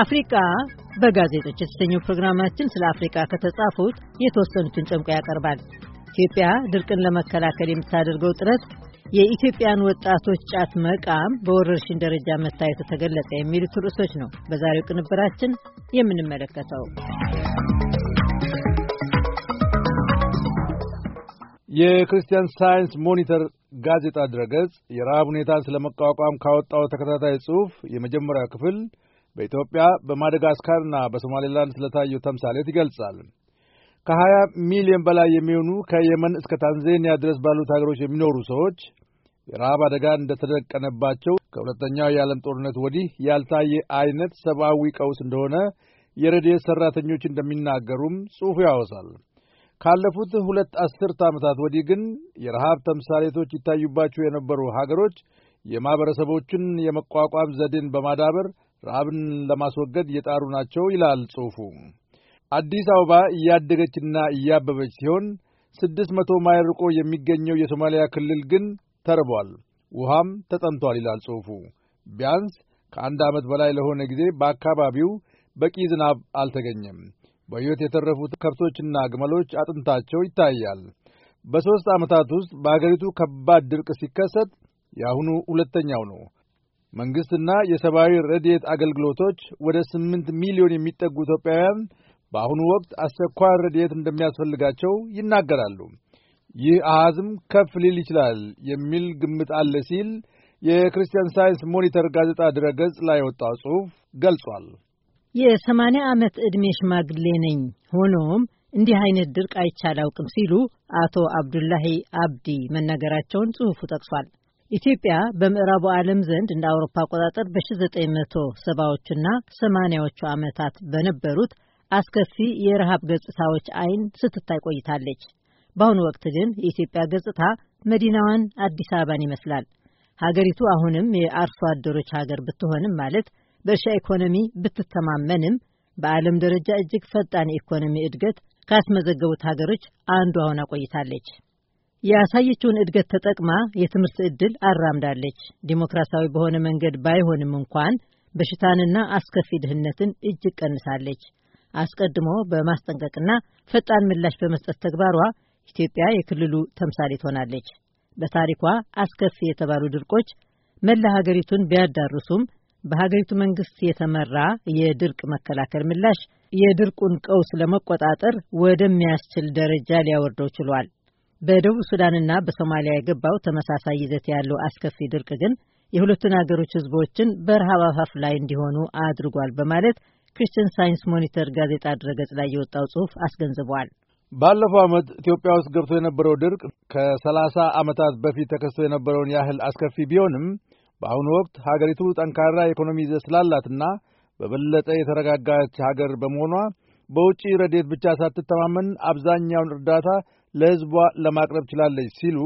አፍሪቃ በጋዜጦች የተሰኘው ፕሮግራማችን ስለ አፍሪካ ከተጻፉት የተወሰኑትን ጨምቆ ያቀርባል። ኢትዮጵያ ድርቅን ለመከላከል የምታደርገው ጥረት፣ የኢትዮጵያን ወጣቶች ጫት መቃም በወረርሽኝ ደረጃ መታየቱ ተገለጸ፣ የሚሉት ርዕሶች ነው በዛሬው ቅንብራችን የምንመለከተው። የክርስቲያን ሳይንስ ሞኒተር ጋዜጣ ድረገጽ የረሃብ ሁኔታን ስለመቋቋም ካወጣው ተከታታይ ጽሑፍ የመጀመሪያው ክፍል በኢትዮጵያ በማደጋስካርና በሶማሌላንድ ስለታዩ ተምሳሌት ይገልጻል። ከ20 ሚሊዮን በላይ የሚሆኑ ከየመን እስከ ታንዛኒያ ድረስ ባሉት ሀገሮች የሚኖሩ ሰዎች የረሃብ አደጋ እንደተደቀነባቸው ከሁለተኛው የዓለም ጦርነት ወዲህ ያልታየ አይነት ሰብአዊ ቀውስ እንደሆነ የረድኤት ሠራተኞች እንደሚናገሩም ጽሑፉ ያወሳል። ካለፉት ሁለት አስርት ዓመታት ወዲህ ግን የረሃብ ተምሳሌቶች ይታዩባቸው የነበሩ ሀገሮች የማኅበረሰቦችን የመቋቋም ዘዴን በማዳበር ረሃብን ለማስወገድ እየጣሩ ናቸው ይላል ጽሑፉ። አዲስ አበባ እያደገችና እያበበች ሲሆን ስድስት መቶ ማይል ርቆ የሚገኘው የሶማሊያ ክልል ግን ተርቧል፣ ውሃም ተጠምቷል ይላል ጽሑፉ። ቢያንስ ከአንድ ዓመት በላይ ለሆነ ጊዜ በአካባቢው በቂ ዝናብ አልተገኘም። በሕይወት የተረፉት ከብቶችና ግመሎች አጥንታቸው ይታያል። በሦስት ዓመታት ውስጥ በአገሪቱ ከባድ ድርቅ ሲከሰት የአሁኑ ሁለተኛው ነው። መንግስትና የሰብአዊ ረድኤት አገልግሎቶች ወደ ስምንት ሚሊዮን የሚጠጉ ኢትዮጵያውያን በአሁኑ ወቅት አስቸኳይ ረድኤት እንደሚያስፈልጋቸው ይናገራሉ። ይህ አሃዝም ከፍ ሊል ይችላል የሚል ግምት አለ ሲል የክርስቲያን ሳይንስ ሞኒተር ጋዜጣ ድረገጽ ላይ የወጣው ጽሑፍ ገልጿል። የሰማንያ ዓመት ዕድሜ ሽማግሌ ነኝ፣ ሆኖም እንዲህ አይነት ድርቅ አይቻል አውቅም ሲሉ አቶ አብዱላሂ አብዲ መናገራቸውን ጽሑፉ ጠቅሷል። ኢትዮጵያ በምዕራቡ ዓለም ዘንድ እንደ አውሮፓ አቆጣጠር በ1970ዎቹና 80ዎቹ ዓመታት በነበሩት አስከፊ የረሃብ ገጽታዎች አይን ስትታይ ቆይታለች። በአሁኑ ወቅት ግን የኢትዮጵያ ገጽታ መዲናዋን አዲስ አበባን ይመስላል። ሀገሪቱ አሁንም የአርሶ አደሮች ሀገር ብትሆንም ማለት በእርሻ ኢኮኖሚ ብትተማመንም በዓለም ደረጃ እጅግ ፈጣን የኢኮኖሚ እድገት ካስመዘገቡት ሀገሮች አንዷ ሆና ቆይታለች። ያሳየችውን እድገት ተጠቅማ የትምህርት ዕድል አራምዳለች። ዲሞክራሲያዊ በሆነ መንገድ ባይሆንም እንኳን በሽታንና አስከፊ ድህነትን እጅግ ቀንሳለች። አስቀድሞ በማስጠንቀቅና ፈጣን ምላሽ በመስጠት ተግባሯ ኢትዮጵያ የክልሉ ተምሳሌት ሆናለች። በታሪኳ አስከፊ የተባሉ ድርቆች መላ ሀገሪቱን ቢያዳርሱም በሀገሪቱ መንግስት የተመራ የድርቅ መከላከል ምላሽ የድርቁን ቀውስ ለመቆጣጠር ወደሚያስችል ደረጃ ሊያወርደው ችሏል። በደቡብ ሱዳንና በሶማሊያ የገባው ተመሳሳይ ይዘት ያለው አስከፊ ድርቅ ግን የሁለቱን አገሮች ህዝቦችን በረሃብ አፋፍ ላይ እንዲሆኑ አድርጓል በማለት ክርስቲያን ሳይንስ ሞኒተር ጋዜጣ ድረገጽ ላይ የወጣው ጽሑፍ አስገንዝቧል። ባለፈው ዓመት ኢትዮጵያ ውስጥ ገብቶ የነበረው ድርቅ ከሰላሳ ዓመታት በፊት ተከስቶ የነበረውን ያህል አስከፊ ቢሆንም በአሁኑ ወቅት ሀገሪቱ ጠንካራ የኢኮኖሚ ይዘት ስላላትና በበለጠ የተረጋጋች ሀገር በመሆኗ በውጪ ረዴት ብቻ ሳትተማመን አብዛኛውን እርዳታ ለሕዝቧ ለማቅረብ ችላለች ሲሉ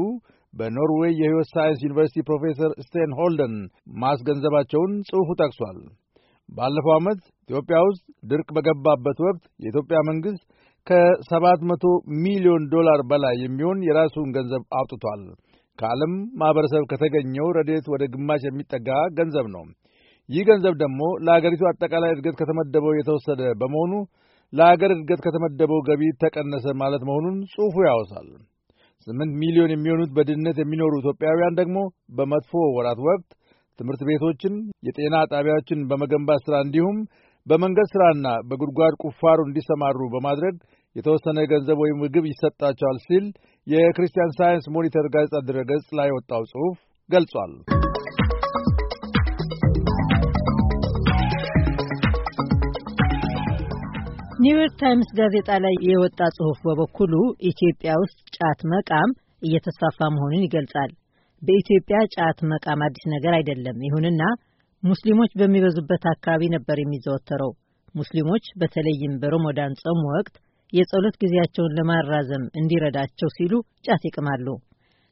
በኖርዌይ የሕይወት ሳይንስ ዩኒቨርሲቲ ፕሮፌሰር ስቴን ሆልደን ማስገንዘባቸውን ጽሑፉ ጠቅሷል። ባለፈው ዓመት ኢትዮጵያ ውስጥ ድርቅ በገባበት ወቅት የኢትዮጵያ መንግሥት ከ700 ሚሊዮን ዶላር በላይ የሚሆን የራሱን ገንዘብ አውጥቷል። ከዓለም ማኅበረሰብ ከተገኘው ረዴት ወደ ግማሽ የሚጠጋ ገንዘብ ነው። ይህ ገንዘብ ደግሞ ለአገሪቱ አጠቃላይ እድገት ከተመደበው የተወሰደ በመሆኑ ለአገር እድገት ከተመደበው ገቢ ተቀነሰ ማለት መሆኑን ጽሑፉ ያወሳል። ስምንት ሚሊዮን የሚሆኑት በድህነት የሚኖሩ ኢትዮጵያውያን ደግሞ በመጥፎ ወራት ወቅት ትምህርት ቤቶችን፣ የጤና ጣቢያዎችን በመገንባት ሥራ እንዲሁም በመንገድ ሥራና በጉድጓድ ቁፋሩ እንዲሰማሩ በማድረግ የተወሰነ ገንዘብ ወይም ምግብ ይሰጣቸዋል ሲል የክርስቲያን ሳይንስ ሞኒተር ጋዜጣ ድረገጽ ላይ ወጣው ጽሑፍ ገልጿል። ኒውዮርክ ታይምስ ጋዜጣ ላይ የወጣ ጽሑፍ በበኩሉ ኢትዮጵያ ውስጥ ጫት መቃም እየተስፋፋ መሆኑን ይገልጻል። በኢትዮጵያ ጫት መቃም አዲስ ነገር አይደለም። ይሁንና ሙስሊሞች በሚበዙበት አካባቢ ነበር የሚዘወተረው። ሙስሊሞች በተለይም በሮሞዳን ጾም ወቅት የጸሎት ጊዜያቸውን ለማራዘም እንዲረዳቸው ሲሉ ጫት ይቅማሉ።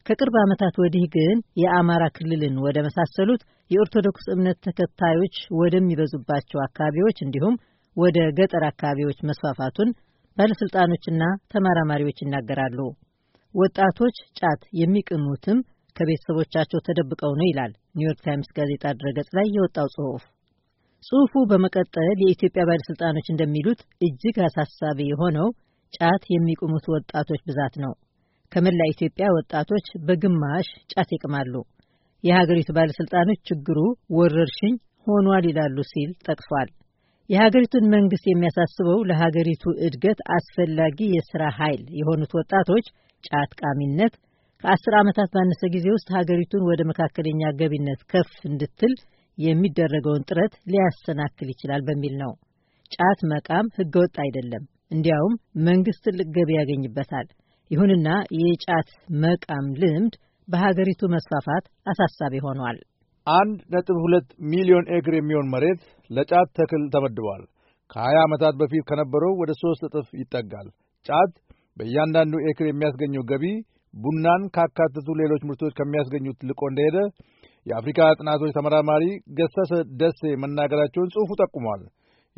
ከቅርብ ዓመታት ወዲህ ግን የአማራ ክልልን ወደ መሳሰሉት የኦርቶዶክስ እምነት ተከታዮች ወደሚበዙባቸው አካባቢዎች እንዲሁም ወደ ገጠር አካባቢዎች መስፋፋቱን ባለሥልጣኖችና ተመራማሪዎች ይናገራሉ። ወጣቶች ጫት የሚቅሙትም ከቤተሰቦቻቸው ተደብቀው ነው ይላል ኒውዮርክ ታይምስ ጋዜጣ ድረገጽ ላይ የወጣው ጽሑፍ። ጽሑፉ በመቀጠል የኢትዮጵያ ባለሥልጣኖች እንደሚሉት እጅግ አሳሳቢ የሆነው ጫት የሚቅሙት ወጣቶች ብዛት ነው። ከመላ ኢትዮጵያ ወጣቶች በግማሽ ጫት ይቅማሉ። የሀገሪቱ ባለሥልጣኖች ችግሩ ወረርሽኝ ሆኗል ይላሉ ሲል ጠቅሷል። የሀገሪቱን መንግስት የሚያሳስበው ለሀገሪቱ እድገት አስፈላጊ የስራ ኃይል የሆኑት ወጣቶች ጫት ቃሚነት ከአስር ዓመታት ባነሰ ጊዜ ውስጥ ሀገሪቱን ወደ መካከለኛ ገቢነት ከፍ እንድትል የሚደረገውን ጥረት ሊያሰናክል ይችላል በሚል ነው። ጫት መቃም ህገወጥ አይደለም፣ እንዲያውም መንግስት ትልቅ ገቢ ያገኝበታል። ይሁንና የጫት መቃም ልምድ በሀገሪቱ መስፋፋት አሳሳቢ ሆኗል። አንድ ነጥብ ሁለት ሚሊዮን ኤክር የሚሆን መሬት ለጫት ተክል ተመድቧል ከሀያ ዓመታት በፊት ከነበረው ወደ ሦስት እጥፍ ይጠጋል። ጫት በእያንዳንዱ ኤክር የሚያስገኘው ገቢ ቡናን ካካተቱ ሌሎች ምርቶች ከሚያስገኙት ልቆ እንደሄደ የአፍሪካ ጥናቶች ተመራማሪ ገሰሰ ደሴ መናገራቸውን ጽሑፉ ጠቁሟል።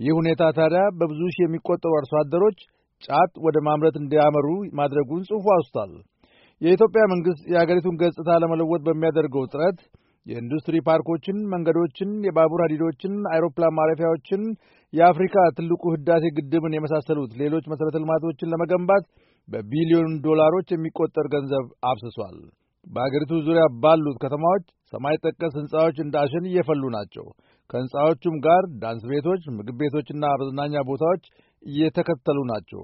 ይህ ሁኔታ ታዲያ በብዙ ሺህ የሚቆጠሩ አርሶ አደሮች ጫት ወደ ማምረት እንዲያመሩ ማድረጉን ጽሑፉ አውስቷል። የኢትዮጵያ መንግሥት የአገሪቱን ገጽታ ለመለወጥ በሚያደርገው ጥረት የኢንዱስትሪ ፓርኮችን፣ መንገዶችን፣ የባቡር ሀዲዶችን፣ አይሮፕላን ማረፊያዎችን፣ የአፍሪካ ትልቁ ህዳሴ ግድብን የመሳሰሉት ሌሎች መሠረተ ልማቶችን ለመገንባት በቢሊዮን ዶላሮች የሚቆጠር ገንዘብ አብስሷል። በአገሪቱ ዙሪያ ባሉት ከተማዎች ሰማይ ጠቀስ ሕንፃዎች እንደ አሸን እየፈሉ ናቸው። ከሕንፃዎቹም ጋር ዳንስ ቤቶች፣ ምግብ ቤቶችና መዝናኛ ቦታዎች እየተከተሉ ናቸው።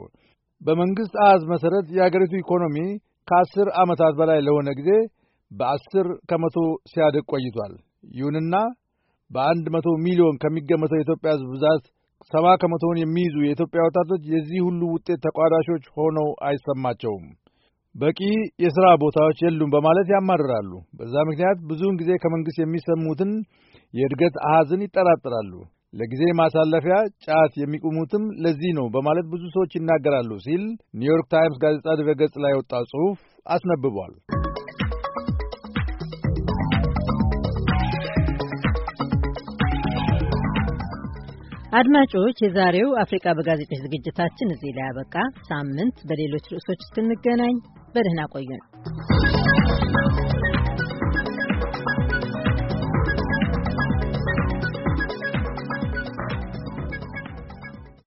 በመንግሥት አሃዝ መሠረት የአገሪቱ ኢኮኖሚ ከአስር ዓመታት በላይ ለሆነ ጊዜ በአስር ከመቶ ሲያድግ ቆይቷል። ይሁንና በአንድ መቶ ሚሊዮን ከሚገመተው የኢትዮጵያ ሕዝብ ብዛት ሰባ ከመቶውን የሚይዙ የኢትዮጵያ ወጣቶች የዚህ ሁሉ ውጤት ተቋዳሾች ሆነው አይሰማቸውም። በቂ የሥራ ቦታዎች የሉም በማለት ያማርራሉ። በዛ ምክንያት ብዙውን ጊዜ ከመንግሥት የሚሰሙትን የእድገት አሃዝን ይጠራጥራሉ። ለጊዜ ማሳለፊያ ጫት የሚቁሙትም ለዚህ ነው በማለት ብዙ ሰዎች ይናገራሉ ሲል ኒውዮርክ ታይምስ ጋዜጣ ድረገጽ ላይ የወጣ ጽሑፍ አስነብቧል። አድማጮች፣ የዛሬው አፍሪካ በጋዜጦች ዝግጅታችን እዚህ ላይ ያበቃ። ሳምንት በሌሎች ርዕሶች እስክንገናኝ በደህና ቆዩ ነው